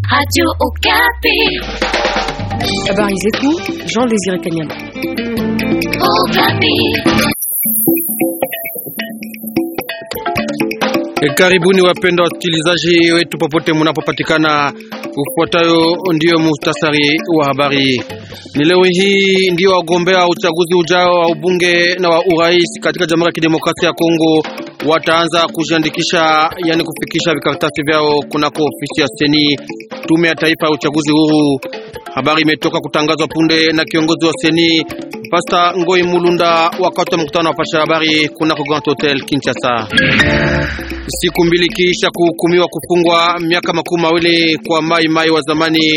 Radio Okapi. Habari zetu Jean Désiré Kanyama. E karibuni wapendwa wasikilizaji wetu popote munapopatikana. Ufuatayo ndiyo muhtasari wa habari. Ni leo hii ndio wagombea uchaguzi ujao wa ubunge na wa urais katika Jamhuri ya Kidemokrasia ya Kongo wataanza kujiandikisha, yani kufikisha vikaratasi vyao kunako ofisi ya Seni, tume ya taifa ya uchaguzi huru. Habari imetoka kutangazwa punde na kiongozi wa Seni Pasta Ngoi Mulunda wakati wa mkutano wa pasha habari kunako Grand Hotel Kinshasa. Siku mbili kisha kuhukumiwa kufungwa miaka makumi mawili kwa mai mai wa zamani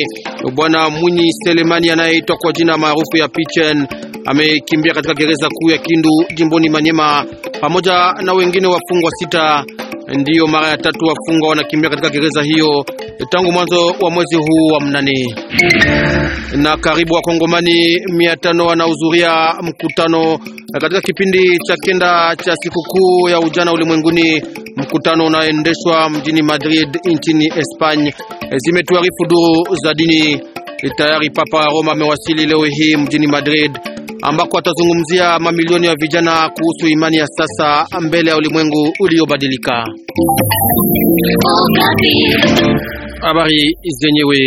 bwana Mwinyi Selemani anayeitwa kwa jina maarufu ya Pichen amekimbia katika gereza kuu ya Kindu jimboni Manyema pamoja na wengine wafungwa sita Ndiyo mara ya tatu wafungwa wanakimbia katika gereza hiyo tangu mwanzo wa mwezi huu wa mnane. Na karibu wakongomani mia tano wanahudhuria mkutano katika kipindi cha kenda cha sikukuu ya ujana ulimwenguni, mkutano unaendeshwa mjini Madrid nchini Espanya, zimetuarifu duru za dini. Tayari Papa Roma amewasili leo hii mjini Madrid ambako atazungumzia mamilioni ya vijana kuhusu imani ya sasa mbele ya ulimwengu uliobadilika. Habari zenyewe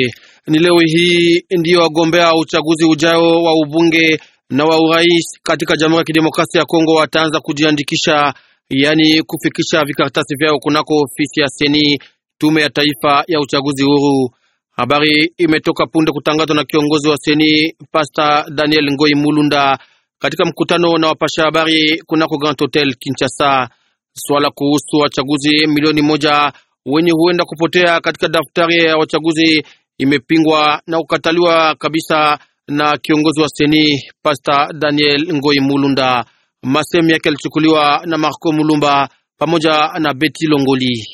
ni leo hii ndiyo wagombea uchaguzi ujao wa ubunge na wa urais katika Jamhuri ya Kidemokrasia ya Kongo wataanza kujiandikisha, yaani kufikisha vikaratasi vyao kunako ofisi ya seni, tume ya taifa ya uchaguzi huru. Habari imetoka punde kutangazwa na kiongozi wa seni Pasta Daniel Ngoi Mulunda katika mkutano na wapasha habari kunako Grand Hotel Kinshasa. Swala kuhusu wachaguzi milioni moja wenye huenda kupotea katika daftari ya wachaguzi imepingwa na kukataliwa kabisa na kiongozi wa seni Pasta Daniel Ngoi Mulunda. Masemi yake yalichukuliwa na Marco Mulumba pamoja na Beti Longoli.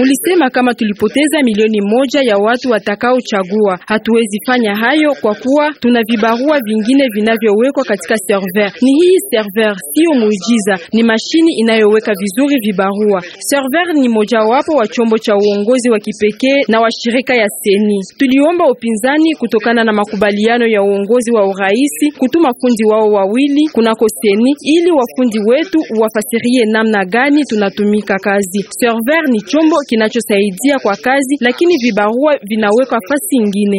Mulisema kama tulipoteza milioni moja ya watu watakaochagua. Hatuwezi fanya hayo kwa kuwa tuna vibarua vingine vinavyowekwa katika server. Ni hii server, sio muujiza, ni mashini inayoweka vizuri vibarua. Server ni mojawapo wa chombo cha uongozi wa kipekee na wa shirika ya seni. Tuliomba upinzani kutokana na makubaliano ya uongozi wa urais kutuma fundi wao wawili kunako seni ili wafundi wetu wafasirie namna gani tunatumika kazi. Server ni chombo kinachosaidia kwa kazi, lakini vibarua vinawekwa fasi ingine.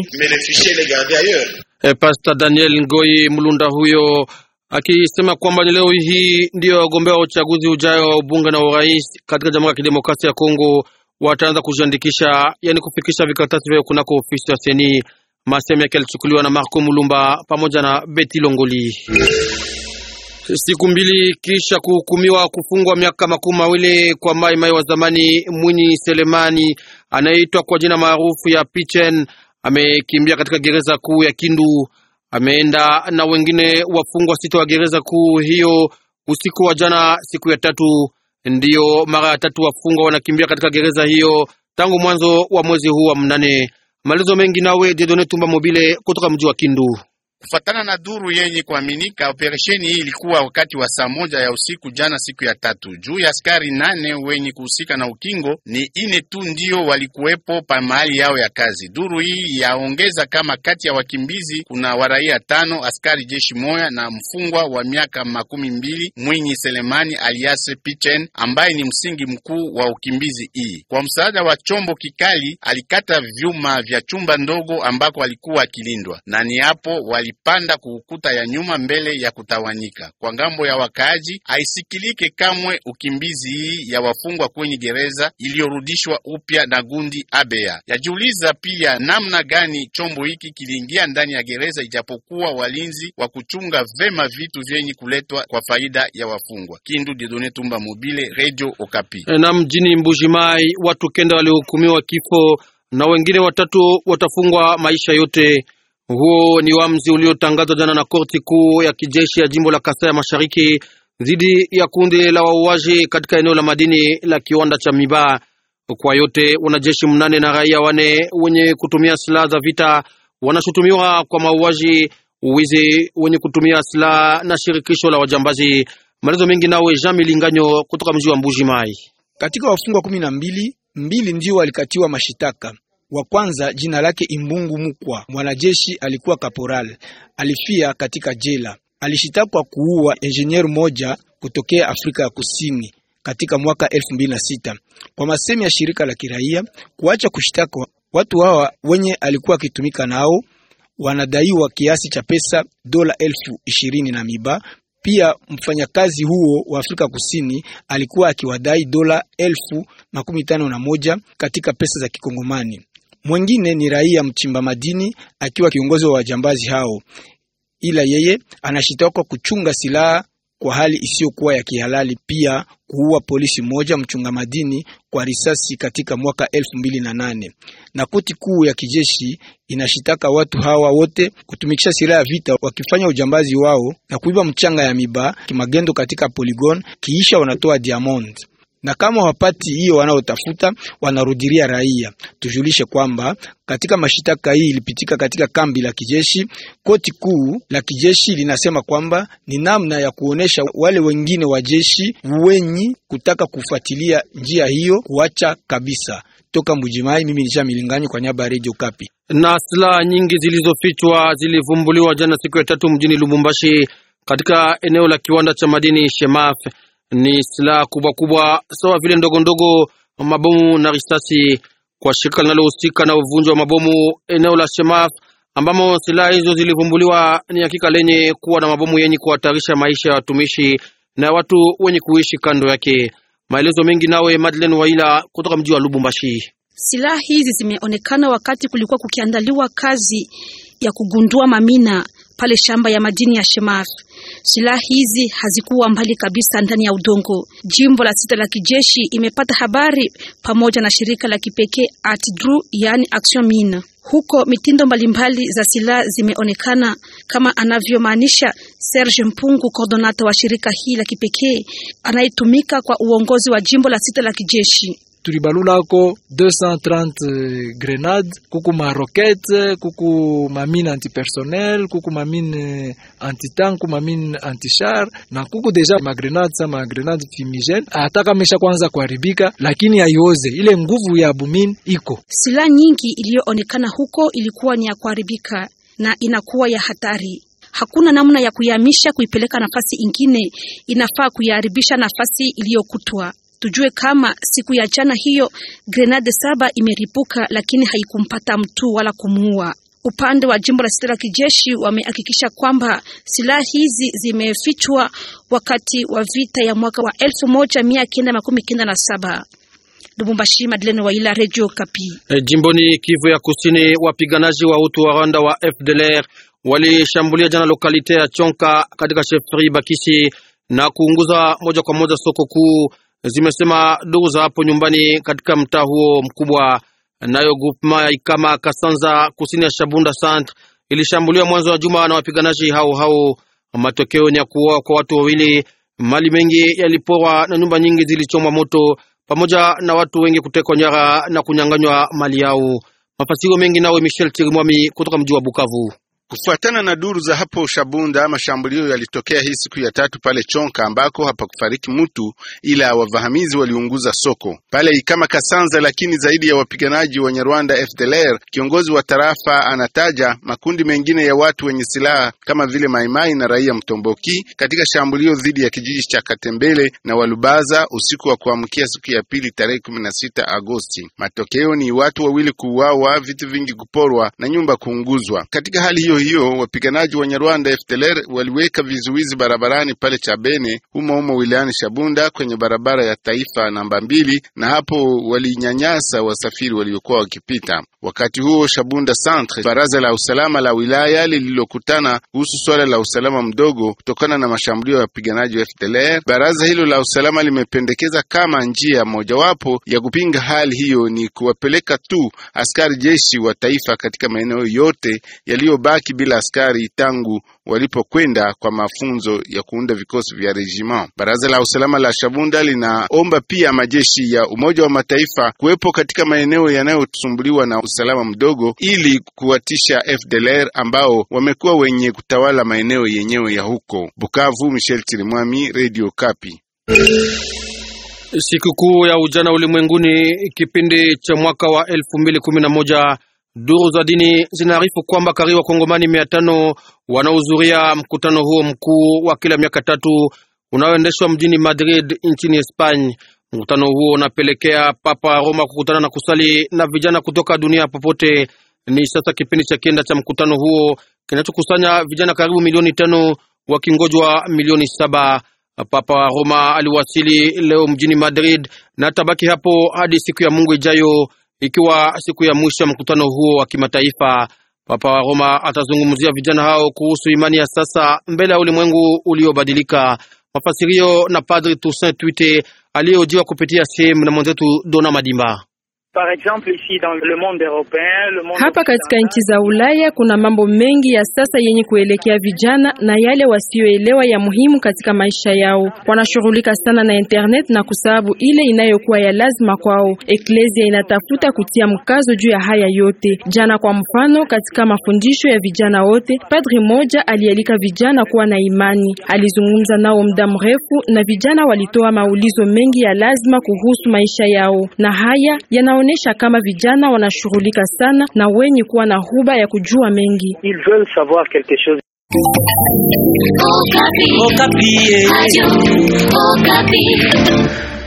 E, Daniel Ngoi Mlunda huyo akisema kwamba leo hii ndiyo wagombea wa uchaguzi ujayo wa ubunge na urais katika Jamhuri ya Kidemokrasia ya Kongo wataanza kujiandikisha, yani kufikisha vikaratasi vyao kunako ofisi ya seni. masemi yake yalichukuliwa na Marco Mulumba pamoja na Beti Longoli. Siku mbili kisha kuhukumiwa kufungwa miaka makumi mawili kwa mai mai wa zamani Mwinyi Selemani anayeitwa kwa jina maarufu ya Pichen amekimbia katika gereza kuu ya Kindu. Ameenda na wengine wafungwa sita wa gereza kuu hiyo usiku wa jana, siku ya tatu. Ndiyo mara ya tatu wafungwa wanakimbia katika gereza hiyo tangu mwanzo wa mwezi huu wa mnane. Maelezo mengi nawe Dedone Tumba Mobile kutoka mji wa Kindu kufatana na duru yenye kuaminika, operesheni hii ilikuwa wakati wa saa moja ya usiku jana, siku ya tatu. Juu ya askari nane wenye kuhusika na ukingo, ni ine tu ndio walikuwepo pa mahali yao ya kazi. Duru hii yaongeza kama kati ya wakimbizi kuna waraia tano, askari jeshi moya na mfungwa wa miaka makumi mbili Mwinyi Selemani alias Pichen, ambaye ni msingi mkuu wa ukimbizi hii. Kwa msaada wa chombo kikali, alikata vyuma vya chumba ndogo ambako alikuwa akilindwa na ni hapo wali ilipanda kuukuta ya nyuma mbele ya kutawanyika kwa ngambo ya wakaaji. Haisikilike kamwe ukimbizi hii ya wafungwa kwenye gereza iliyorudishwa upya na gundi abea. Yajiuliza pia namna gani chombo hiki kiliingia ndani ya gereza, ijapokuwa walinzi wa kuchunga vema vitu vyenye kuletwa kwa faida ya wafungwa. Kindu Didone Tumba Mobile, Radio Okapi. E, na mjini Mbujimai watu kenda walihukumiwa kifo na wengine watatu watafungwa maisha yote. Huo ni wamzi uliotangazwa jana na korti kuu ya kijeshi ya jimbo la Kasai ya Mashariki dhidi ya kundi la wauaji katika eneo la madini la kiwanda cha Miba. Kwa yote wanajeshi mnane na raia wane wenye kutumia silaha za vita wanashutumiwa kwa mauaji, wizi wenye kutumia silaha na shirikisho la wajambazi. Maelezo mengi nawe Jean Milinganyo kutoka mji wa Mbuji Mai. Katika wafungwa kumi na mbili, mbili ndio walikatiwa mashitaka wa kwanza jina lake Imbungu Mukwa, mwanajeshi alikuwa kaporal, alifia katika jela. Alishitakwa kuua engineer moja kutokea Afrika ya Kusini katika mwaka 2006 kwa masemi ya shirika la kiraia. Kuacha kushitaka watu hawa wenye alikuwa akitumika nao, wanadaiwa kiasi cha pesa dola elfu ishirini na miba. Pia mfanyakazi huo wa Afrika Kusini alikuwa akiwadai dola elfu makumi tano na moja katika pesa za kikongomani. Mwengine ni raia mchimba madini akiwa kiongozi wa wajambazi hao, ila yeye anashitakiwa kuchunga silaha kwa hali isiyokuwa ya kihalali, pia kuua polisi mmoja mchunga madini kwa risasi katika mwaka 2008. Na koti kuu ya kijeshi inashitaka watu hawa wote kutumikisha silaha ya vita wakifanya ujambazi wao na kuiba mchanga ya miba kimagendo katika poligon, kiisha wanatoa diamond na kama wapati hiyo wanaotafuta wanarudilia raia. Tujulishe kwamba katika mashitaka hii ilipitika katika kambi la kijeshi. Koti kuu la kijeshi linasema kwamba ni namna ya kuonesha wale wengine wa jeshi wenyi kutaka kufuatilia njia hiyo kuacha kabisa. Toka Mbujimai, mimi ni milinganyi kwa niaba ya Radio Kapi. Na silaha nyingi zilizofichwa zilivumbuliwa jana siku ya tatu mjini Lubumbashi katika eneo la kiwanda cha madini Shemaf ni silaha kubwa kubwa sawa vile ndogo ndogo, mabomu na risasi. Kwa shirika linalohusika na uvunjo wa mabomu eneo la Shemaf ambamo silaha hizo zilivumbuliwa, ni hakika lenye kuwa na mabomu yenye kuhatarisha maisha ya watumishi na watu wenye kuishi kando yake. Maelezo mengi nawe Madeleine Waila kutoka mji wa Lubumbashi. Silaha hizi zimeonekana wakati kulikuwa kukiandaliwa kazi ya kugundua mamina pale shamba ya madini ya Shemaf. Silaha hizi hazikuwa mbali kabisa ndani ya udongo. Jimbo la sita la kijeshi imepata habari pamoja na shirika la kipekee Atdru, yani Action Mine. Huko mitindo mbalimbali za silaha zimeonekana kama anavyomaanisha Serge Mpungu, kordonata wa shirika hili la kipekee anayetumika kwa uongozi wa jimbo la sita la kijeshi tulibalulako 230 euh, grenade kuku marokete kuku mamine antipersonnel kuku mamine euh, antitan kuku mamine antichar na kuku deja magrenade sa magrenade fumigene ataka mesha kwanza kuharibika, lakini haioze ile nguvu ya bumine iko. Silaha nyingi iliyoonekana huko ilikuwa ni ya kuharibika na inakuwa ya hatari. Hakuna namna ya kuyahamisha kuipeleka nafasi ingine, inafaa kuyaharibisha nafasi iliyokutwa tujue kama siku ya jana hiyo grenade saba imeripuka, lakini haikumpata mtu wala kumuua. Upande wa jimbo la sita la kijeshi wamehakikisha kwamba silaha hizi zimefichwa wakati wa vita ya mwaka wa elfu moja mia kenda makumi kenda na saba. Lubumbashi, Madeleine Waila, Radio Kapi. E, jimboni Kivu ya Kusini, wapiganaji wa utu wa Rwanda wa FDLR walishambulia jana lokalite ya Chonka katika shefri Bakisi na kuunguza moja kwa moja soko kuu zimesema ndugu za hapo nyumbani katika mtaa huo mkubwa. Nayo grupma ikama Kasanza kusini ya Shabunda Sant ilishambuliwa mwanzo wa juma na wapiganaji hao hao. Matokeo ni ya kuoa kwa watu wawili, mali mengi yaliporwa na nyumba nyingi zilichomwa moto, pamoja na watu wengi kutekwa nyara na kunyang'anywa mali yao. Mafasiro mengi nawe Michel Chirimwami kutoka mji wa Bukavu. Kufuatana na duru za hapo Shabunda, mashambulio yalitokea hii siku ya tatu pale Chonka ambako hapakufariki mtu ila wavahamizi waliunguza soko pale Ikama Kasanza, lakini zaidi ya wapiganaji wa Nyarwanda FDLR. Kiongozi wa tarafa anataja makundi mengine ya watu wenye silaha kama vile Maimai na raia Mtomboki katika shambulio dhidi ya kijiji cha Katembele na Walubaza usiku wa kuamkia siku ya pili tarehe 16 Agosti. Matokeo ni watu wawili kuuawa, vitu vingi kuporwa na nyumba kuunguzwa. Katika hali hiyo hiyo wapiganaji wa Nyarwanda FDLR waliweka vizuizi barabarani pale Chabene humo humo wilayani Shabunda kwenye barabara ya taifa namba mbili, na hapo walinyanyasa wasafiri waliokuwa wakipita. Wakati huo Shabunda Centre, baraza la usalama la wilaya lililokutana kuhusu swala la usalama mdogo kutokana na mashambulio ya wapiganaji wa FDLR, baraza hilo la usalama limependekeza kama njia mojawapo ya kupinga hali hiyo ni kuwapeleka tu askari jeshi wa taifa katika maeneo yote yaliyobaki wamebaki bila askari tangu walipokwenda kwa mafunzo ya kuunda vikosi vya rejima. Baraza la usalama la Shabunda linaomba pia majeshi ya Umoja wa Mataifa kuwepo katika maeneo yanayosumbuliwa na usalama mdogo ili kuwatisha FDLR ambao wamekuwa wenye kutawala maeneo yenyewe ya huko. Bukavu, Michel Chirimwami, Radio Kapi. Sikukuu ya ujana ulimwenguni kipindi cha mwaka wa elfu mbili kumi na moja Duru za dini zinaarifu kwamba karibu wakongomani mia tano wanaohudhuria mkutano huo mkuu wa kila miaka tatu unaoendeshwa mjini Madrid nchini Spain. Mkutano huo unapelekea Papa Roma kukutana na kusali na vijana kutoka dunia popote. Ni sasa kipindi cha kienda cha mkutano huo kinachokusanya vijana karibu milioni tano wakingojwa milioni saba. Papa Roma aliwasili leo mjini Madrid na atabaki hapo hadi siku ya Mungu ijayo. Ikiwa siku ya mwisho ya mkutano huo wa kimataifa, Papa wa Roma atazungumzia vijana hao kuhusu imani ya sasa mbele ya ulimwengu uliobadilika. Mafasirio na Padri Toussaint Twite aliyehojiwa kupitia simu na mwenzetu Dona Madimba. Hapa katika nchi za Ulaya kuna mambo mengi ya sasa yenye kuelekea vijana na yale wasioelewa ya muhimu katika maisha yao. Wanashughulika sana na internet na kusababu ile inayokuwa ya lazima kwao. Eklezia inatafuta kutia mkazo juu ya haya yote. Jana kwa mfano, katika mafundisho ya vijana wote, padri moja alialika vijana kuwa na imani. Alizungumza nao muda mrefu na vijana walitoa maulizo mengi ya lazima kuhusu maisha yao na haya yana inaonyesha kama vijana wanashughulika sana na wenye kuwa na huba ya kujua mengi. Okapi. Okapi. Okapi.